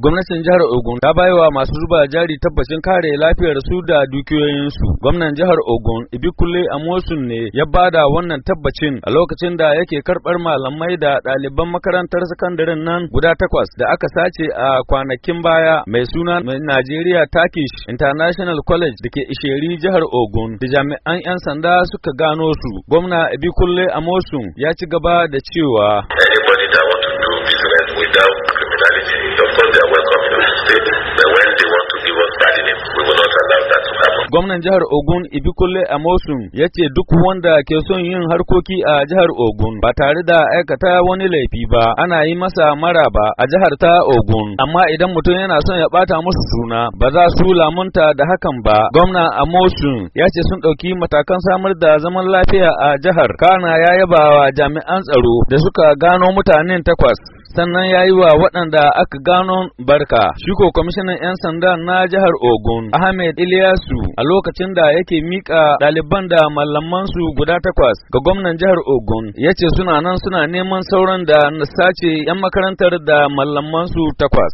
Gwamnatin jihar Ogun ta baiwa masu zuba jari tabbacin kare lafiyar su da dukiyoyinsu. Gwamnan jihar Ogun ibikule Amosun ne ya bada wannan tabbacin a lokacin da yake karbar malamai da ɗaliban makarantar sakandaren nan guda takwas da aka sace a kwanakin baya mai suna Nigeria Turkish International College da ke Isheri jihar Ogun da jami'an 'yan sanda suka gano su. Gwamna ibikule Amosun ya ci gaba da cewa. Gwamnan jihar Ogun Ibikulle Amosun ya ce duk wanda ke son yin harkoki a jihar Ogun ba tare da aikata wani laifi ba ana yi masa mara ba a jihar ta Ogun. Amma idan mutum yana son ya bata musu suna ba za su lamunta da hakan ba. Gwamnan Amosun ya ce sun ɗauki matakan samar da zaman lafiya a jihar. Kana ya yaba wa jami'an tsaro da suka gano mutanen takwas. sannan ya yi wa waɗanda aka gano barka. Shi ko kwamishinan 'yan sanda na jihar Ogun, Ahmed Ilyasu. a lokacin da yake mika ɗaliban da malaman su guda takwas ga gwamnan jihar Ogun ya ce suna nan suna neman sauran da sace 'yan makarantar da malaman su takwas.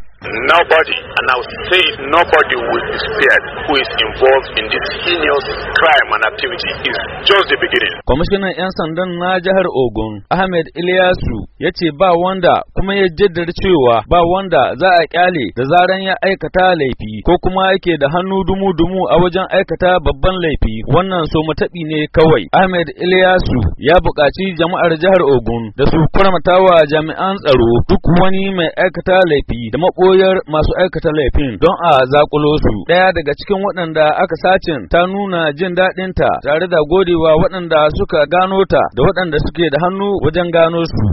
Nobody, and I will say nobody will be spared who is involved in this heinous crime and activity is just the beginning. Kwamishinan 'yan sandan na jihar Ogun, Ahmed Ilyasu, ya ce ba wanda kuma ya jaddada cewa ba wanda za a kyale da zaran ya aikata laifi ko kuma yake da hannu dumu-dumu a wajen aikata babban laifi wannan so mataɓi ne kawai Ahmed Ilyasu ya buƙaci jama'ar jihar Ogun da su wa jami'an tsaro duk wani mai aikata laifi da maɓoyar masu aikata laifin don a zakulo su ɗaya daga cikin waɗanda aka sacin ta nuna jin daɗinta tare da godewa waɗanda suka gano ta da waɗanda suke da hannu wajen gano su.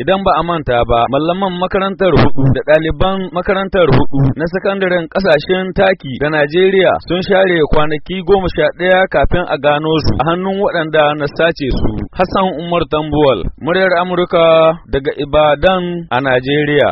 Idan ba a manta ba, mallaman makarantar hudu da ɗaliban makarantar hudu na sakandaren ƙasashen taki da Najeriya sun share kwanaki goma sha ɗaya kafin a gano su a hannun waɗanda na sace su. Hassan Umar Tambuwal, muryar Amurka daga Ibadan a Najeriya.